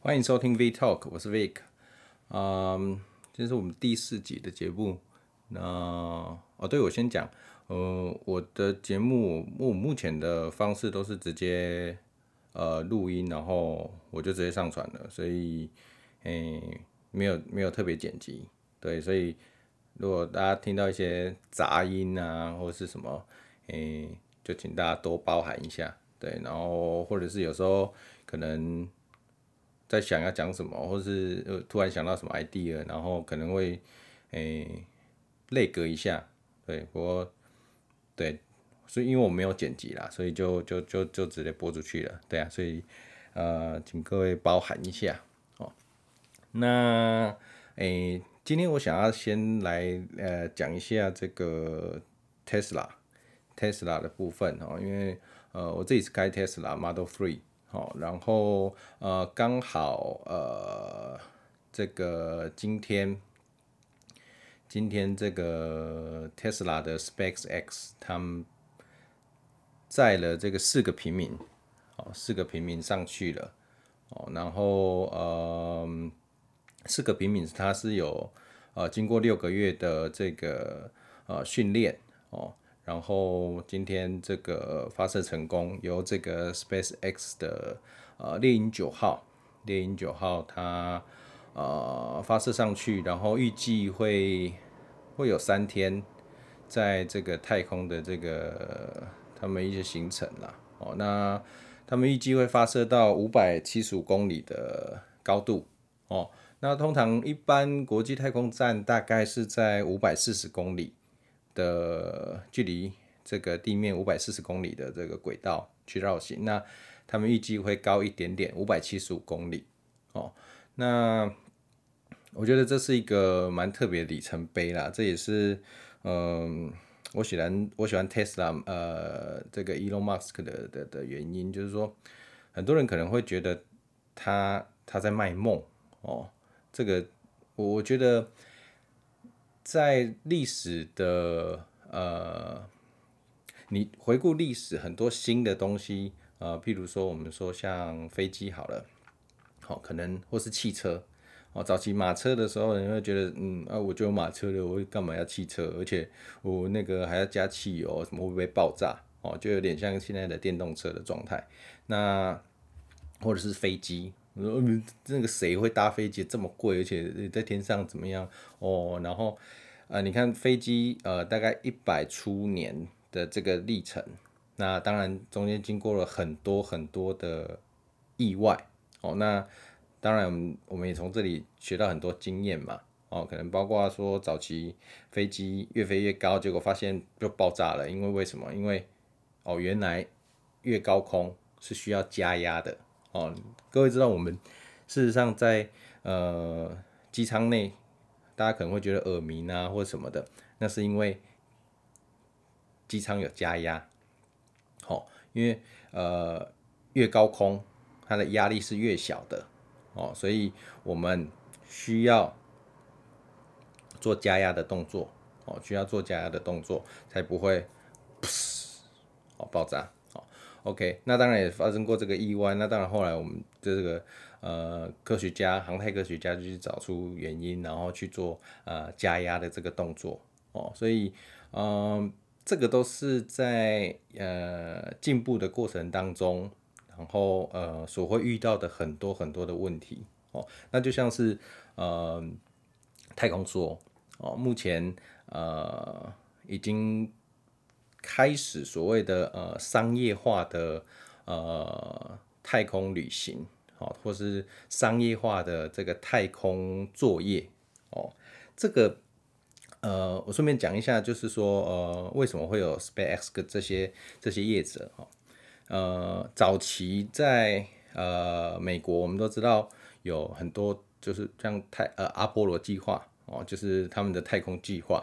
歡迎收聽 V Talk，我是 Vick。嗯，um，這是我們第四集的節目。那哦，對我先講，呃，我的節目目目前的方式都是直接呃錄音，然後我就直接上傳了，所以誒，沒有沒有特別剪輯。對，所以如果大家聽到一些雜音啊，或是什麼誒，就請大家多包涵一下。對，然後或者是有時候可能，在想要講什麼，或是呃突然想到什麼 idea，然後可能會誒 lag 一下，對，不過對，所以因為我沒有剪輯啦，所以就就就就直接播出去了，對啊，所以呃請各位包涵一下哦。那誒、欸、今天我想要先來呃講一下這個 Tesla Tesla 的部分哦，因為呃我自己是開 Tesla Model Three。哦，然後呃，剛好呃，這個今天，今天這個 Tesla 的 SpaceX，他們載了這個四個平民，哦，四個平民上去了，哦，然後呃，四個平民他是有呃，經過六個月的這個呃訓練，哦。然後今天這個發射成功，由這個 SpaceX 的呃獵鷹九號，獵鷹九號它呃發射上去，然後預計會會有三天在這個太空的這個他們一些行程啦。哦，那他們預計會發射到五百七十五公里的高度。哦，那通常一般國際太空站大概是在五百四十公里。的距離這個地面五百四十公里的這個軌道去繞行，那他們預計會高一點點，五百七十五公里哦。那我覺得這是一個蠻特別的里程碑啦，這也是嗯、呃，我喜歡我喜歡 Tesla 呃這個 Elon Musk 的的的原因，就是說很多人可能會覺得他他在賣夢哦，這個我我覺得。在歷史的呃，你回顧歷史，很多新的東西啊、呃，譬如說我們說像飛機好了，好、哦、可能或是汽車哦，早期馬車的時候，你會覺得嗯啊，我就有馬車了，我幹嘛要汽車？而且我那個還要加汽油，什麼會不會爆炸？哦，就有點像現在的電動車的狀態，那或者是飛機。那個誰會搭飛機這麼貴，而且在天上怎麼樣？哦，然後啊、呃，你看飛機呃，大概一百出年的這個歷程，那當然中間經過了很多很多的意外哦。那當然我們我們也從這裡學到很多經驗嘛。哦，可能包括說早期飛機越飛越高，結果發現就爆炸了，因為為什麼？因為哦，原來越高空是需要加壓的。哦，各位知道我們事實上在呃機艙內，大家可能會覺得耳鳴啊或者什麼的，那是因為機艙有加壓。哦，因為呃越高空它的壓力是越小的哦，所以我們需要做加壓的動作哦，需要做加壓的動作才不會噗哦爆炸。OK，那當然也發生過這個意外。那當然後來我們這個呃科學家、航太科學家就去找出原因，然後去做呃加壓的這個動作哦。所以呃，這個都是在呃進步的過程當中，然後呃所會遇到的很多很多的問題哦。那就像是呃太空梭哦，目前呃已經。開始所謂的呃商業化的呃太空旅行，好、哦，或是商業化的這個太空作業哦，這個呃我順便講一下，就是說呃為什麼會有 SpaceX 這些這些業者哦，呃早期在呃美國，我們都知道有很多就是像太呃阿波羅計劃哦，就是他們的太空計劃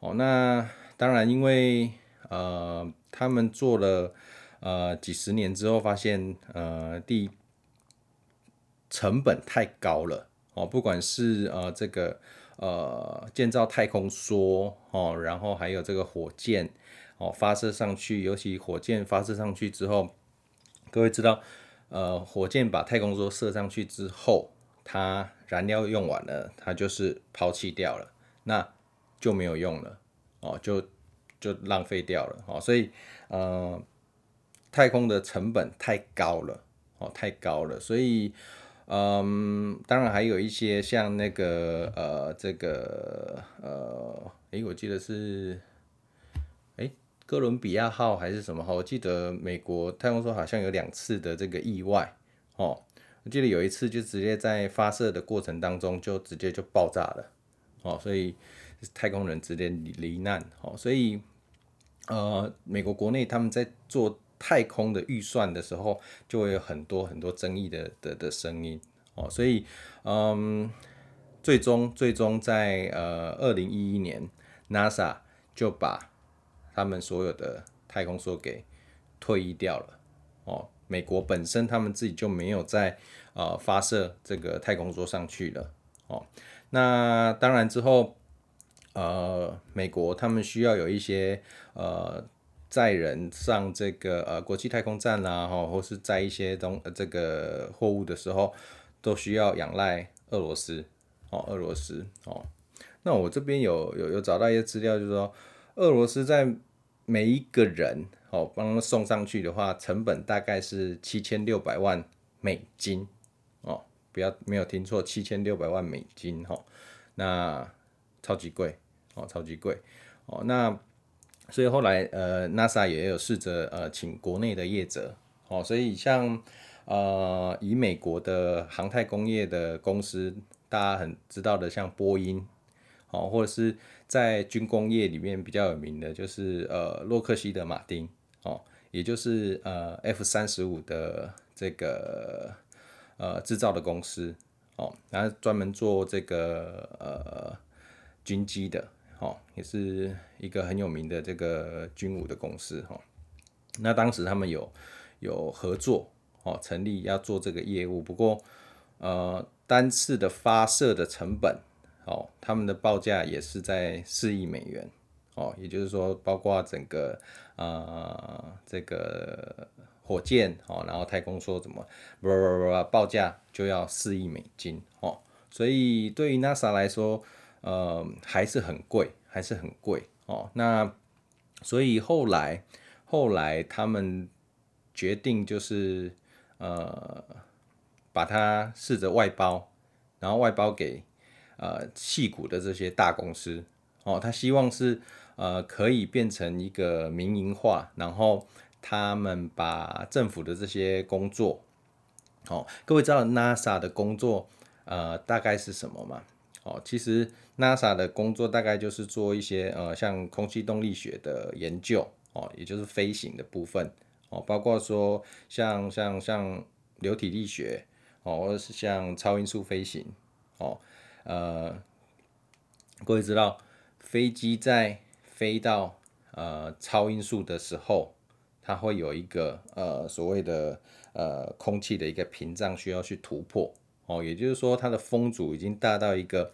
哦，那當然因為。呃，他們做了呃幾十年之後，發現呃第一成本太高了哦，不管是呃這個呃建造太空梭哦，然後還有這個火箭哦發射上去，尤其火箭發射上去之後，各位知道呃火箭把太空梭射上去之後，它燃料用完了，它就是拋棄掉了，那就沒有用了哦就。就浪費掉了哦，所以呃，太空的成本太高了哦，太高了，所以嗯、呃，當然還有一些像那個呃，這個呃，哎，我記得是哎，哥倫比亞號還是什麼號？我記得美國太空梭好像有兩次的這個意外哦，我記得有一次就直接在發射的過程當中就直接就爆炸了哦，所以。太空人直接罹難，哦，所以呃，美國國內他們在做太空的預算的時候，就會有很多很多爭議的的的聲音，哦，所以嗯，最終最終在呃二零一一年，NASA 就把他們所有的太空梭給退役掉了，哦，美國本身他們自己就沒有再呃發射這個太空梭上去了，哦，那當然之後。呃，美國他們需要有一些呃載人上這個呃國際太空站啦，哈，或是載一些東、呃、這個貨物的時候，都需要仰賴俄羅斯哦，俄羅斯哦。那我這邊有有有找到一些資料，就是說俄羅斯在每一個人哦幫他送上去的話，成本大概是七千六百萬美金哦，不要沒有聽錯，七千六百萬美金哦，那超級貴。哦，超級貴，哦，那所以後來呃，NASA 也有試着呃，請國內的業者，哦，所以像呃，以美國的航太工業的公司，大家很知道的，像波音，哦，或者是在軍工業裡面比較有名的，就是呃，洛克希德馬丁，哦，也就是呃，F 三十五的這個呃製造的公司，哦，然後專門做這個呃軍機的。哦，也是一個很有名的這個軍武的公司哦，那當時他們有有合作哦，成立要做這個業務。不過，呃，單次的發射的成本哦，他們的報價也是在四億美元哦，也就是說，包括整個呃這個火箭哦，然後太空梭什麼，不不不不，報價就要四億美金哦。所以對於 NASA 來說，呃，還是很貴，還是很貴哦。那所以後來，後來他們決定就是呃，把它試着外包，然後外包給呃，矽谷的這些大公司哦。他希望是呃，可以變成一個民營化，然後他們把政府的這些工作，哦，各位知道 NASA 的工作呃，大概是什麼嗎？哦，其實 NASA 的工作大概就是做一些呃，像空氣動力學的研究哦，也就是飛行的部分哦，包括說像像像流體力學哦，或者是像超音速飛行哦。呃，各位知道，飛機在飛到呃超音速的時候，它會有一個呃所謂的呃空氣的一個屏障需要去突破。哦，也就是說，它的風阻已經大到一個，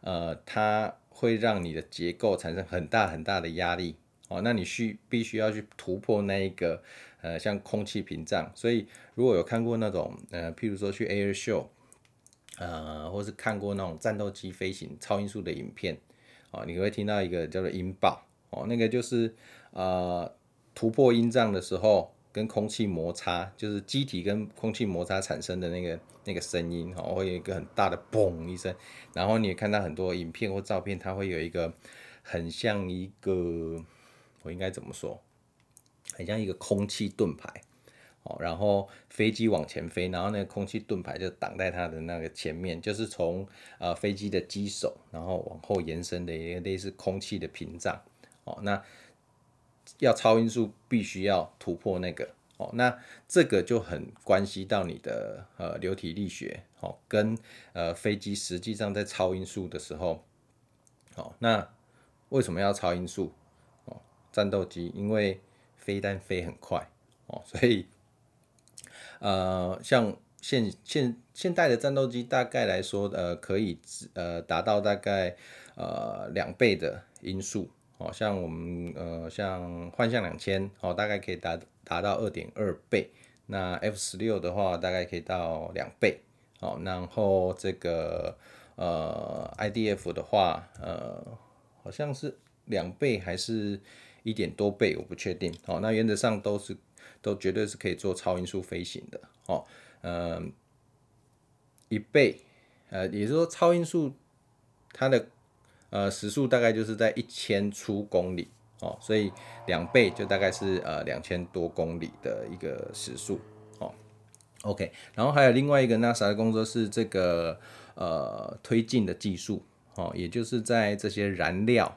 呃，它會讓你的結構產生很大很大的壓力。哦，那你需必須要去突破那一個，呃，像空氣屏障。所以，如果有看過那種，呃，譬如說去 Air Show，呃，或是看過那種戰鬥機飛行超音速的影片，哦，你會聽到一個叫做音爆。哦，那個就是，呃，突破音障的時候。跟空氣摩擦，就是機體跟空氣摩擦產生的那個那個聲音，哦，會有一個很大的嘣一聲。然後你也看到很多影片或照片，它會有一個很像一個，我應該怎麼說？很像一個空氣盾牌，哦，然後飛機往前飛，然後那個空氣盾牌就擋在它的那個前面，就是從呃飛機的機首，然後往後延伸的一個類似空氣的屏障，哦，那。要超音速，必須要突破那個哦，那這個就很關係到你的呃流體力學哦，跟呃飛機實際上在超音速的時候，哦，那為什麼要超音速哦？戰鬥機因為飛彈飛很快哦，所以呃像現現現代的戰鬥機大概來說，呃可以呃達到大概呃兩倍的音速。好像我們呃，像幻象兩千，哦，大概可以達達到二點二倍。那 F 十六的話，大概可以到兩倍。哦，然後這個呃，IDF 的話，呃，好像是兩倍還是一點多倍，我不確定。哦，那原則上都是都絕對是可以做超音速飛行的。哦，嗯，呃，一倍，呃，也就是說超音速它的。呃，時速大概就是在一千出公里哦，所以兩倍就大概是呃兩千多公里的一個時速哦。OK，然後還有另外一個 NASA 的工作是這個呃推進的技術哦，也就是在這些燃料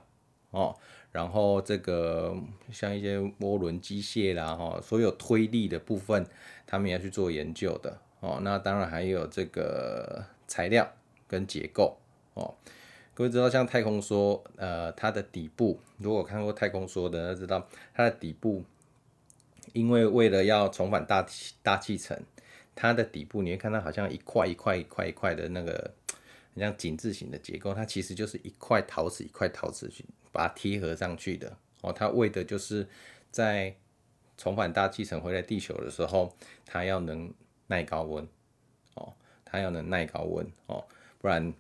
哦，然後這個像一些渦輪機械啦哈、哦，所有推力的部分，他們也要去做研究的哦。那當然還有這個材料跟結構哦。各位知道，像太空梭，呃，它的底部，如果看過太空梭的，知道它的底部，因為為了要重返大氣大氣層，它的底部你會看到好像一塊一塊一塊一塊的那個，很像井字形的結構，它其實就是一塊陶瓷一塊陶瓷去把它貼合上去的。哦，它為的就是在重返大氣層回來地球的時候，它要能耐高溫，哦，它要能耐高溫，哦，不然。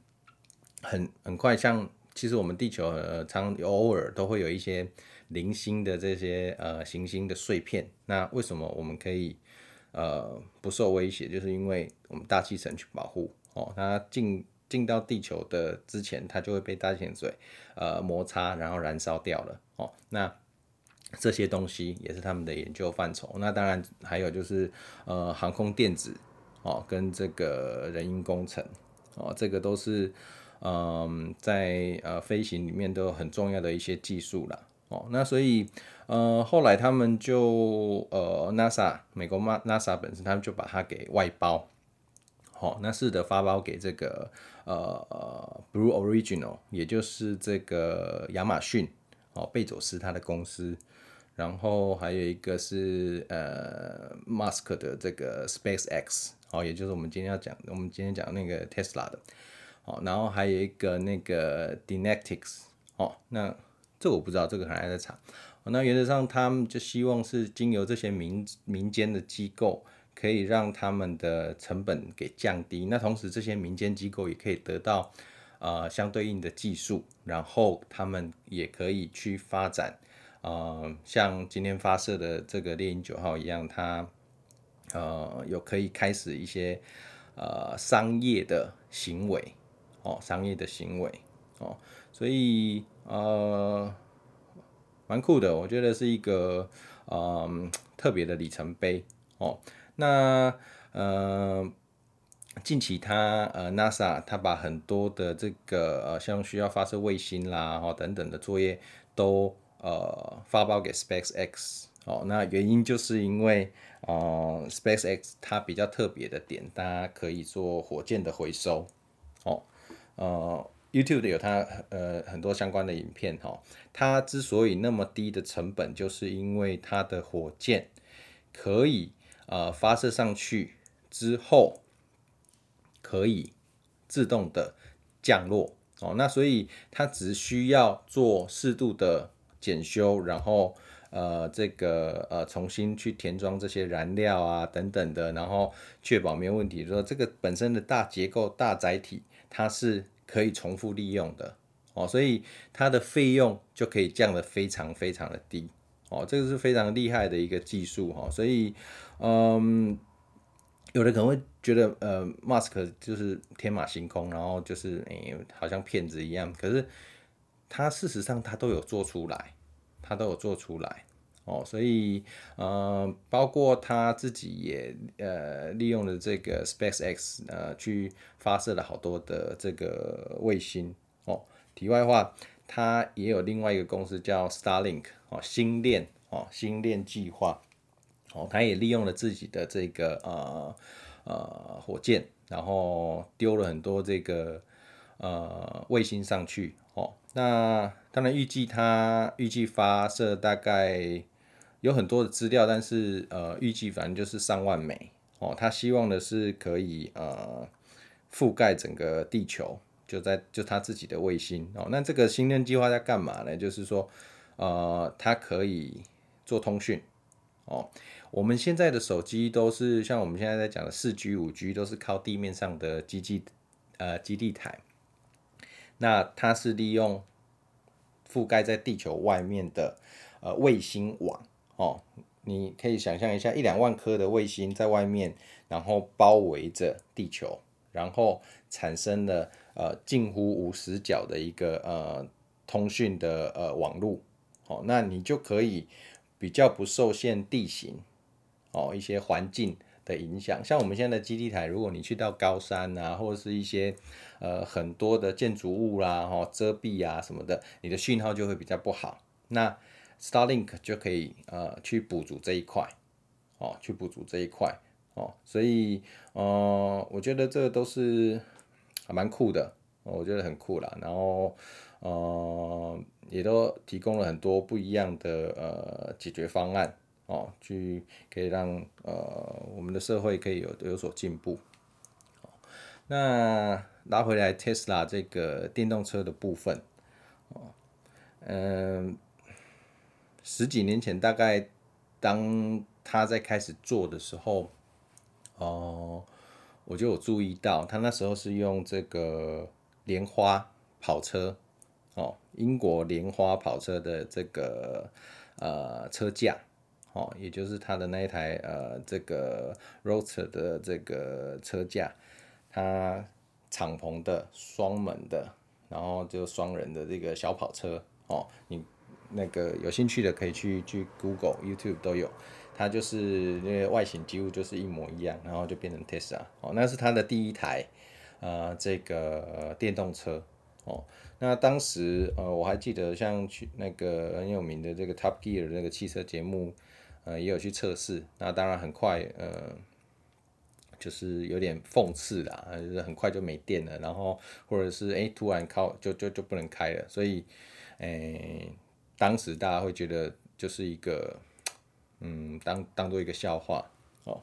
很很快像，像其實我們地球呃常偶爾都會有一些零星的這些呃行星的碎片。那為什麼我們可以呃不受威脅？就是因為我們大氣層去保護哦。它進進到地球的之前，它就會被大氣層呃摩擦，然後燃燒掉了哦。那這些東西也是他們的研究範疇。那當然還有就是呃航空電子哦，跟這個人因工程哦，這個都是。嗯，在呃飛行裡面都有很重要的一些技術了哦。那所以呃後來他們就呃 NASA 美國嘛 NASA 本身，他們就把它給外包，好、哦、那是的發包給這個呃 Blue Origin，a l 也就是這個亞馬遜哦貝佐斯他的公司，然後還有一個是呃 Musk 的這個 SpaceX，哦也就是我們今天要講我們今天講那個 Tesla 的。哦，然後還有一個那個 Dynetics 哦，那這我不知道，這個可能還在查。那原則上他們就希望是經由這些民民間的機構，可以讓他們的成本給降低。那同時這些民間機構也可以得到呃相對應的技術，然後他們也可以去發展，呃，像今天發射的這個獵鷹九號一樣，它呃有可以開始一些呃商業的行為。哦，商業的行為哦，所以呃蠻酷的，我覺得是一個、呃、特別的里程碑哦。那呃近期他呃 NASA 他把很多的這個呃像需要發射衛星啦、哦、等等的作業都呃發包給 SpaceX 哦。那原因就是因為哦、呃、SpaceX 它比較特別的點，大家可以做火箭的回收哦。呃、uh，YouTube 有它呃很多相關的影片哈。它、哦、之所以那麼低的成本，就是因為它的火箭可以呃發射上去之後，可以自動的降落哦。那所以它只需要做適度的檢修，然後呃這個呃重新去填裝這些燃料啊等等的，然後確保沒有問題。就是、說這個本身的大結構大載體。它是可以重複利用的哦，所以它的費用就可以降得非常非常的低哦，這個是非常厲害的一個技術哦，所以，嗯、呃，有的可能會覺得，呃，馬斯克就是天馬行空，然後就是誒、欸，好像騙子一樣，可是他事實上他都有做出來，他都有做出來。哦，所以呃，包括他自己也呃，利用了這個 SpaceX 呃，去發射了好多的這個衛星哦。題外話，他也有另外一個公司叫 Starlink 哦，星鏈哦，星鏈計劃哦，他也利用了自己的這個呃呃火箭，然後丟了很多這個呃衛星上去哦。那當然，預計他預計發射大概。有很多的資料，但是呃，預計反正就是上萬枚哦。他希望的是可以呃覆蓋整個地球，就在就他自己的衛星哦。那這個星鏈計劃在幹嘛呢？就是說呃，它可以做通訊哦。我們現在的手機都是像我們現在在講的四 G、五 G 都是靠地面上的基地呃基地台，那它是利用覆蓋在地球外面的呃衛星網。哦，你可以想象一下，一兩萬顆的衛星在外面，然後包圍着地球，然後產生了呃近乎無死角的一個呃通訊的呃網絡。哦，那你就可以比較不受限地形哦，一些環境的影響。像我們現在的基地台，如果你去到高山啊，或者是一些呃很多的建築物啦、啊、哦遮蔽啊什麼的，你的訊號就會比較不好。那 Starlink 就可以呃去補足這一塊哦，去補足這一塊哦，所以呃，我覺得這都是還蠻酷的，哦，我覺得很酷啦。然後呃，也都提供了很多不一樣的呃解決方案哦，去可以讓呃我們的社會可以有有所進步。哦，那拿回來 Tesla 這個電動車的部分哦，嗯。十幾年前，大概當他在開始做的時候，哦、呃，我就有注意到，他那時候是用這個蓮花跑車，哦，英國蓮花跑車的這個呃車架，哦，也就是他的那一台呃這個 Roadster 的這個車架，它敞篷的雙門的，然後就雙人的這個小跑車，哦，你。那個有興趣的可以去去 Google、YouTube 都有，它就是因為外形幾乎就是一模一樣，然後就變成 Tesla 哦，那是它的第一台呃這個電動車哦，那當時呃我還記得像去那個很有名的這個 Top Gear 那個汽車節目，呃也有去測試，那當然很快呃就是有點諷刺啦，就是很快就沒電了，然後或者是誒，突然靠就就就不能開了，所以誒。當時大家會覺得就是一個，嗯，當當做一個笑話哦。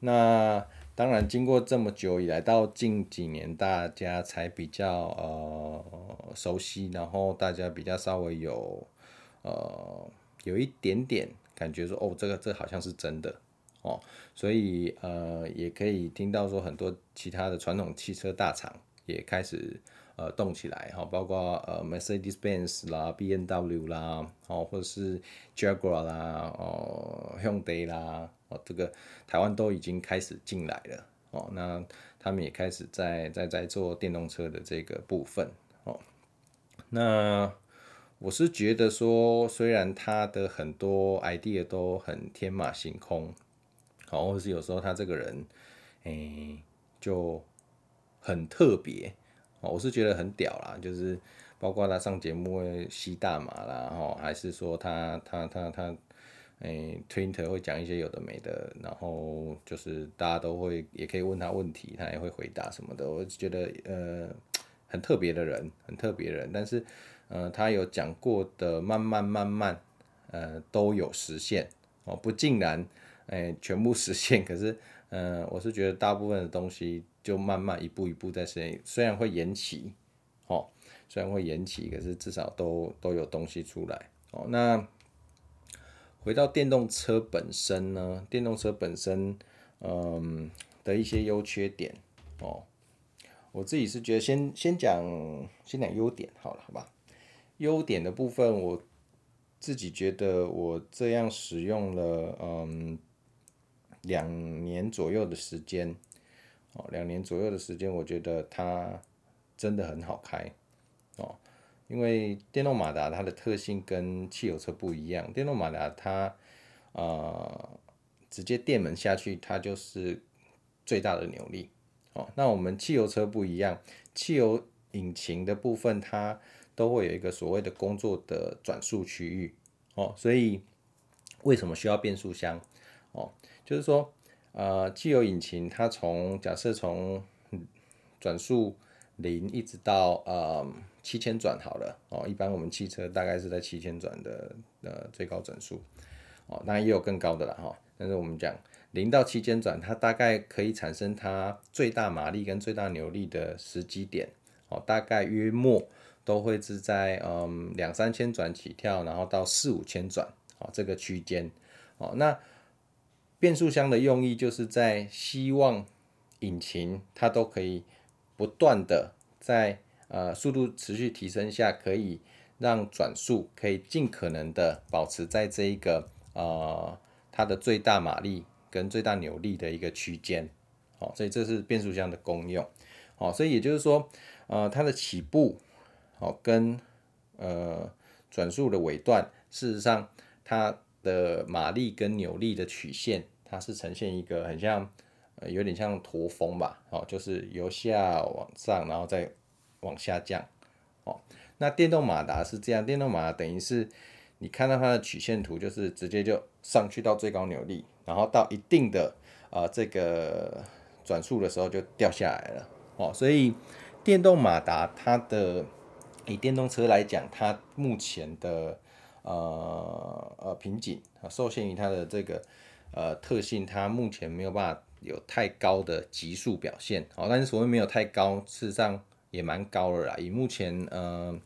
那當然，經過這麼久以來，到近幾年大家才比較呃熟悉，然後大家比較稍微有呃有一點點感覺說，哦，這個這好像是真的哦。所以呃，也可以聽到說很多其他的傳統汽車大廠也開始。呃，動起來哈，包括呃，Mercedes-Benz 啦、B M W 啦，哦、喔，或者是 Jaguar 啦、哦、喔、，Hyundai 啦，哦、喔，這個台灣都已經開始進來了，哦、喔，那他們也開始在在在做電動車的這個部分，哦、喔，那我是覺得說，雖然他的很多 idea 都很天馬行空，好、喔，或是有時候他這個人，誒、欸，就很特別。我是覺得很屌啦，就是包括他上節目會吸大麻啦，然後還是說他他他他，哎、欸、，Twitter 會講一些有的沒的，然後就是大家都會也可以問他問題，他也會回答什麼的。我是覺得呃很特別的人，很特別的人。但是呃，他有講過的慢慢慢慢，呃，都有實現哦，不盡然哎、欸、全部實現。可是呃我是覺得大部分的東西。就慢慢一步一步在升，雖然會延期，哦，雖然會延期，可是至少都都有東西出來，哦。那回到電動車本身呢？電動車本身，嗯，的一些優缺點，哦。我自己是覺得先先講先講優點好了，好吧？優點的部分，我自己覺得我這樣使用了，嗯，兩年左右的時間。哦，兩年左右的時間，我覺得它真的很好開哦，因為電動馬達它的特性跟汽油車不一樣，電動馬達它、呃、直接電門下去，它就是最大的扭力哦。那我們汽油車不一樣，汽油引擎的部分它都會有一個所謂的工作的轉速區域哦，所以為什麼需要變速箱哦？就是說。呃，汽油引擎它從假設從轉速零一直到呃七千轉好了哦，一般我們汽車大概是在七千轉的呃最高轉速哦，那也有更高的啦哈、哦。但是我們講零到七千轉，它大概可以產生它最大馬力跟最大扭力的時機點哦，大概約莫都會是在嗯兩三千轉起跳，然後到四五千轉哦，這個區間哦那。變速箱的用意就是在希望引擎它都可以不斷的在呃速度持續提升下，可以讓轉速可以盡可能的保持在這一個呃它的最大馬力跟最大扭力的一個區間。哦，所以這是變速箱的功用。哦，所以也就是說，呃它的起步，哦跟呃轉速的尾段，事實上它的馬力跟扭力的曲線。它是呈現一個很像，呃、有點像駝峰吧，哦，就是由下往上，然後再往下降，哦。那電動馬達是這樣，電動馬達等於是你看到它的曲線圖，就是直接就上去到最高扭力，然後到一定的呃這個轉速的時候就掉下來了，哦。所以電動馬達它的以電動車來講，它目前的呃呃瓶頸，受限於它的這個。呃，特性，它目前沒有辦法有太高的極速表現哦，但是所謂沒有太高，事實上也蠻高了啦。以目前呃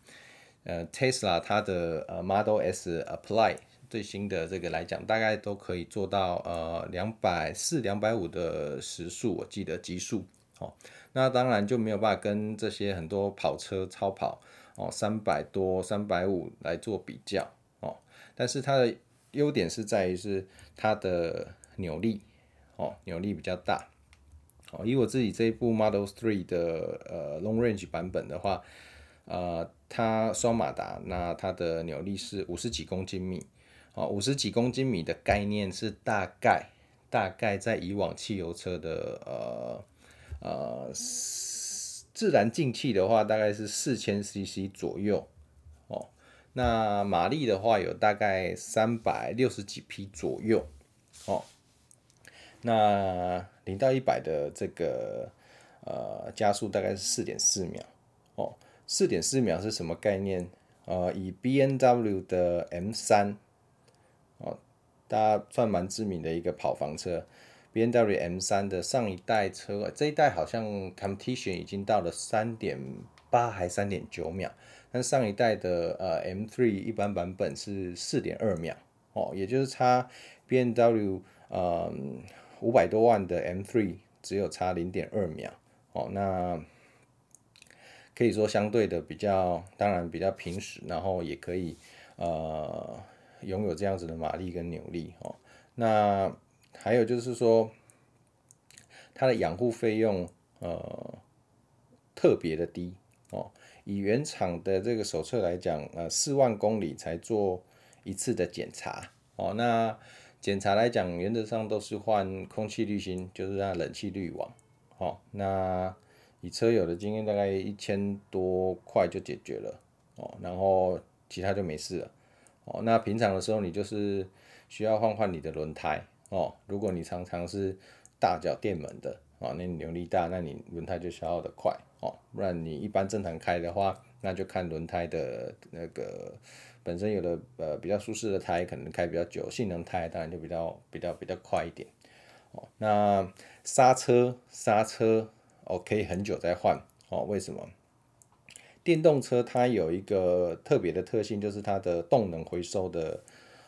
呃 Tesla 它的呃 Model S Apply 最新的這個來講，大概都可以做到呃兩百四、兩百五的時速，我記得極速哦。那當然就沒有辦法跟這些很多跑車、超跑哦三百多、三百五來做比較哦，但是它的。優點是在於是它的扭力哦，扭力比較大。哦，以我自己這一部 Model 3的，呃 Long Range 版本的話，呃，它雙馬達，那它的扭力是五十幾公斤米。哦，五十幾公斤米的概念是大概大概在以往汽油車的呃呃自然進氣的話，大概是四千 cc 左右。那馬力的話有大概三百六十幾匹左右，哦，那零到一百的這個呃加速大概是四點四秒，哦，四點四秒是什麼概念？呃，以 B M W 的 M 三，哦，大家算蠻知名的一個跑房車，B M W M 三的上一代車，這一代好像 Competition 已經到了三點八還三點九秒。那上一代的呃 M3 一般版本是四點二秒哦，也就是差 BMW 呃五百多萬的 M3 只有差零點二秒哦，那可以說相對的比較當然比較平實，然後也可以呃擁有這樣子的馬力跟扭力哦，那還有就是說它的養護費用呃特別的低哦。以原廠的這個手冊來講，呃，四萬公里才做一次的檢查哦。那檢查來講，原則上都是換空氣濾芯，就是那冷氣濾網。哦，那以車友的經驗，大概一千多塊就解決了哦。然後其他就沒事了。哦，那平常的時候你就是需要換換你的輪胎哦。如果你常常是大腳電門的哦，那你扭力大，那你輪胎就消耗得快。哦，不然你一般正常開的話，那就看輪胎的那個本身有的呃比較舒適的胎可能開比較久，性能胎當然就比較比較比較快一點。哦，那剎車剎車哦可以很久再換哦？為什麼？電動車它有一個特別的特性，就是它的動能回收的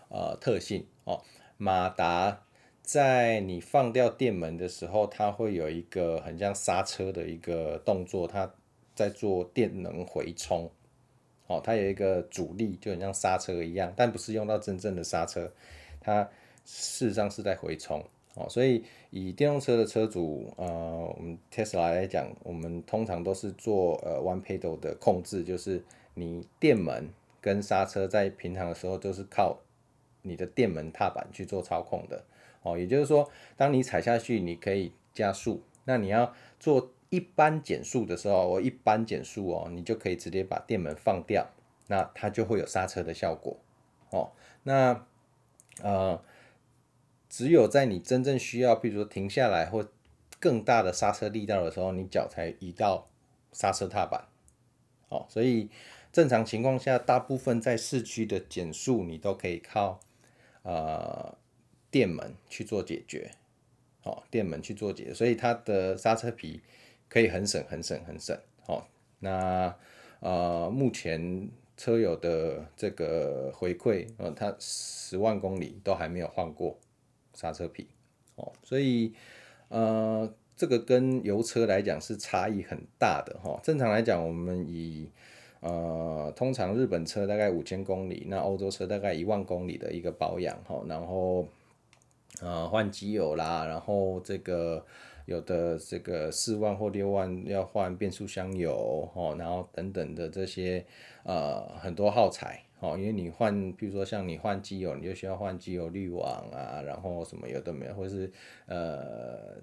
呃特性哦，馬達。在你放掉電門的時候，它會有一個很像剎車的一個動作，它在做電能回充，哦，它有一個阻力，就很像剎車一樣，但不是用到真正的剎車，它事實上是在回充，哦，所以以電動車的車主，呃，我們 Tesla 來講，我們通常都是做呃 one pedal 的控制，就是你電門跟剎車在平常的時候都是靠你的電門踏板去做操控的。哦，也就是說，當你踩下去，你可以加速。那你要做一般減速的時候，我一般減速哦，你就可以直接把電門放掉，那它就會有剎車的效果。哦，那呃，只有在你真正需要，比如說停下來或更大的剎車力道的時候，你腳才移到剎車踏板。哦，所以正常情況下，大部分在市區的減速，你都可以靠呃。電門去做解決，哦，電門去做解。所以它的剎車皮可以很省、很省、很省，哦，那呃，目前車友的這個回饋，呃，他十萬公里都還沒有換過剎車皮，哦，所以呃，這個跟油車來講是差異很大的哦，正常來講，我們以呃，通常日本車大概五千公里，那歐洲車大概一萬公里的一個保養，哈，然後。呃，換機油啦，然後這個有的這個四萬或六萬要換變速箱油，哦，然後等等的這些呃很多耗材，哦，因為你換，比如說像你換機油，你就需要換機油濾網啊，然後什麼有的沒有，或是呃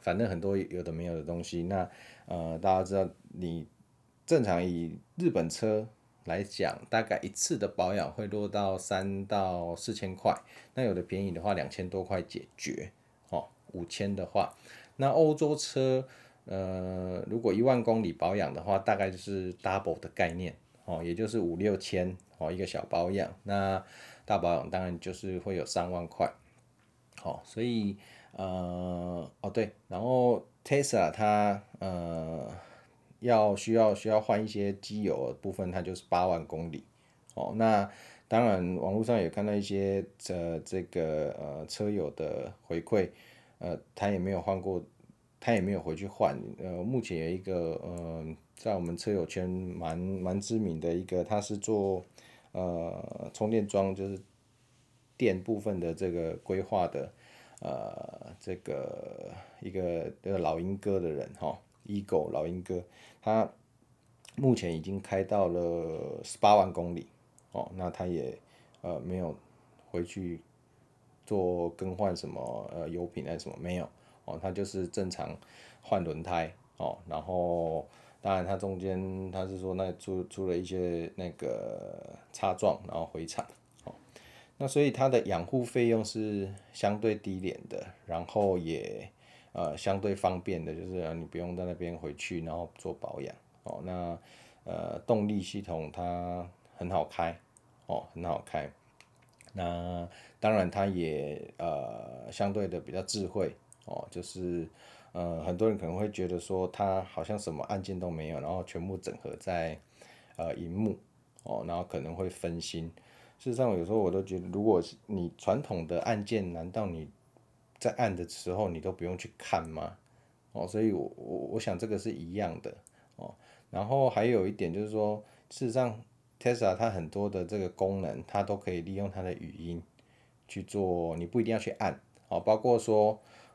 反正很多有的沒有的東西。那呃大家知道你正常以日本車。來講，大概一次的保養會落到三到四千塊，那有的便宜的話，兩千多塊解決哦，五千的話，那歐洲車，呃，如果一萬公里保養的話，大概就是 double 的概念哦，也就是五六千哦，一個小保養。那大保養當然就是會有三萬塊。好，哦，所以呃，哦對，然後 Tesla 它呃要需要需要換一些機油的部分，它就是八萬公里，哦，那當然網絡上也看到一些這這個呃車友的回饋，呃，他也沒有換過，他也沒有回去換，呃，目前有一個呃在我們車友圈蠻蠻知名的一個，他是做呃充電樁就是電部分的這個規劃的，呃，這個一個那個這個老鷹哥的人哈，哦，Ego 老鷹哥。它目前已經開到了十八萬公里哦，那它也呃沒有回去做更換什麼呃油品啊什麼沒有哦，它就是正常換輪胎哦，然後當然它中間它是說那出出了一些那個擦撞，然後回廠哦，那所以它的養護費用是相對低廉的，然後也。呃，相對方便的就是你不用在那邊回去，然後做保養哦。那呃，動力系統它很好開哦，很好開。那當然它也呃相對的比較智慧哦，就是呃很多人可能會覺得說它好像什麼按鍵都沒有，然後全部整合在呃熒幕哦，然後可能會分心。事實上有時候我都覺得，如果你傳統的按鍵，難道你？在按的時候，你都不用去看嗎？哦，所以我我我想這個是一樣的哦。然後還有一點就是說，事實上，Tesla 它很多的這個功能，它都可以利用它的語音去做，你不一定要去按哦。包括說，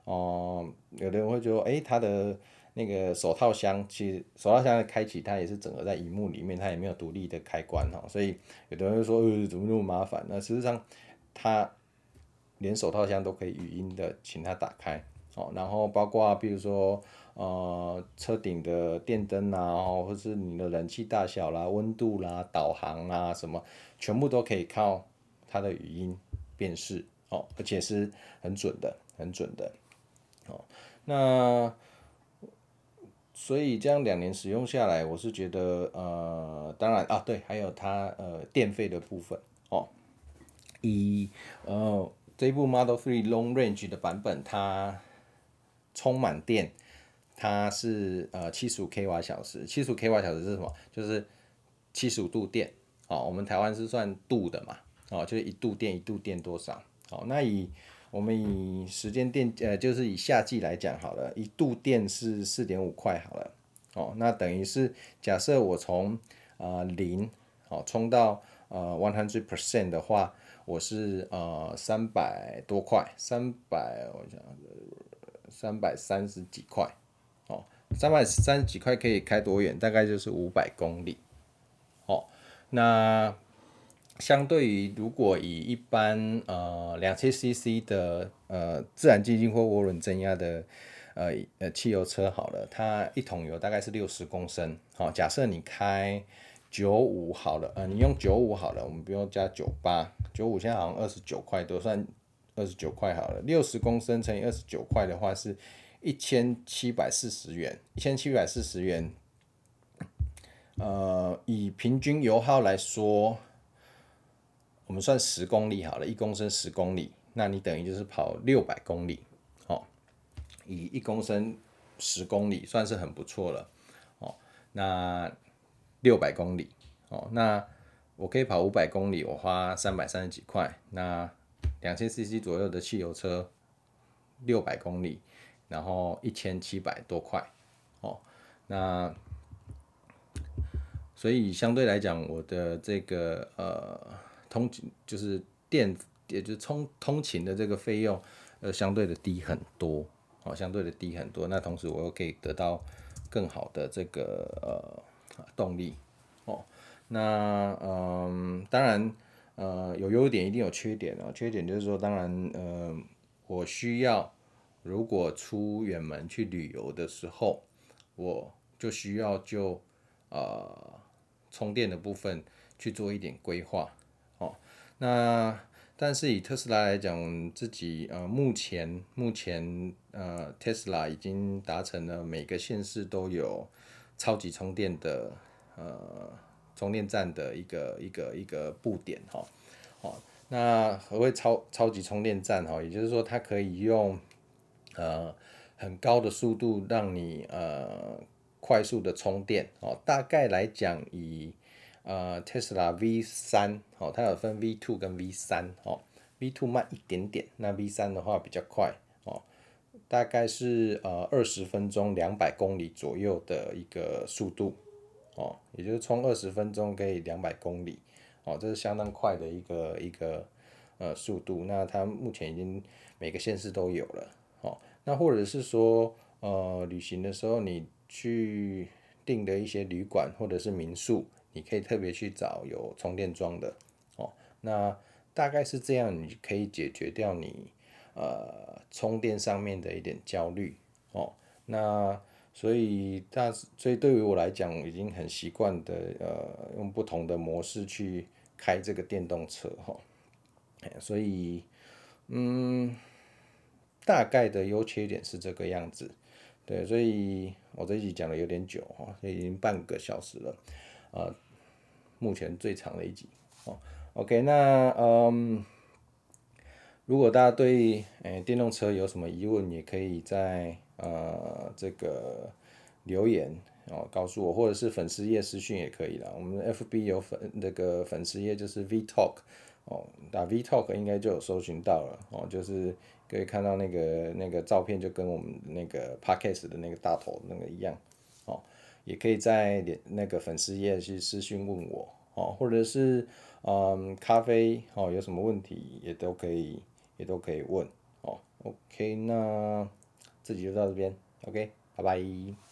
哦、呃，有的人會覺得，誒、欸，它的那個手套箱，其實手套箱的開啟，它也是整合在熒幕裡面，它也沒有獨立的開關哦。所以有的人會說，呃，怎麼那麼麻煩？那事實上，它。連手套箱都可以語音的，請它打開哦。然後包括比如說，呃，車頂的電燈啊，或是你的冷氣大小啦、溫度啦、導航啦、啊、什麼，全部都可以靠它的語音辨識哦，而且是很準的，很準的。哦，那所以這樣兩年使用下來，我是覺得，呃，當然啊，對，還有它呃電費的部分哦，一，然、呃、後。這一部 Model Three Long Range 的版本，它充滿電，它是呃七十五千瓦小時。七十五千瓦小時是什麼？就是七十五度電。哦，我們台灣是算度的嘛。哦，就是一度電一度電多少？哦，那以我們以時間電呃，就是以夏季來講好了，一度電是四點五塊好了。哦，那等於是假設我從呃零哦充到呃 one hundred percent 的話。我是呃三百多塊，三百我想三百三十幾塊，哦，三百三十幾塊可以開多遠？大概就是五百公里，哦，那相對於如果以一般呃兩千 CC 的呃自然進氣或渦輪增壓的呃呃汽油車好了，它一桶油大概是六十公升，哦，假設你開。九五好了，啊、呃，你用九五好了，我們不用加九八。九五現在好像二十九塊多，算二十九塊好了。六十公升乘以二十九塊的話是一千七百四十元，一千七百四十元。呃，以平均油耗來說，我們算十公里好了，一公升十公里，那你等於就是跑六百公里，哦，以一公升十公里算是很不錯了，哦，那。六百公里哦，那我可以跑五百公里，我花三百三十幾塊。那兩千 cc 左右的汽油車，六百公里，然後一千七百多塊哦。那所以相對來講，我的這個呃通勤就是電也就充通，通勤的這個費用，相對的低很多哦，相對的低很多。那同時我又可以得到更好的這個呃。動力哦，那嗯、呃，當然，呃，有優點一定有缺點啊、哦。缺點就是說，當然，呃，我需要如果出遠門去旅遊的時候，我就需要就啊、呃、充電的部分去做一點規劃哦。那但是以特斯拉來講，自己呃，目前目前呃，特斯拉已經達成了每個縣市都有。超級充電的呃充電站的一個一個一個布點哈，哦，那何謂超超級充電站哈？也就是說，它可以用呃很高的速度讓你呃快速的充電哦。大概來講，以呃 Tesla V 三哦，它有分 V two 跟 V 三哦，V two 慢一點點，那 V 三的話比較快。大概是呃二十分鐘兩百公里左右的一個速度哦，也就是充二十分鐘可以兩百公里哦，這是相當快的一個一個呃速度。那它目前已經每個縣市都有了哦，那或者是說呃旅行的時候你去訂的一些旅館或者是民宿，你可以特別去找有充電樁的哦，那大概是這樣，你可以解決掉你。呃，充電上面的一點焦慮哦，那所以大，但所以對於我來講，已經很習慣的，呃，用不同的模式去開這個電動車哈，所以，嗯，大概的優缺點是這個樣子，對，所以我這一集講的有點久哈，已經半個小時了，呃，目前最長的一集哦，OK，那嗯。呃如果大家對誒、欸、電動車有什麼疑問，也可以在呃這個留言哦告訴我，或者是粉絲頁私訊也可以了。我們 F B 有粉那、這個粉絲頁就是 V Talk 哦，打 V Talk 應該就有搜尋到了哦，就是可以看到那個那個照片就跟我們那個 Podcast 的那個大頭那個一樣哦。也可以在那個粉絲頁去私訊問我哦，或者是嗯咖啡哦有什麼問題也都可以。也都可以問哦。OK，那這集就到這邊。OK，拜拜。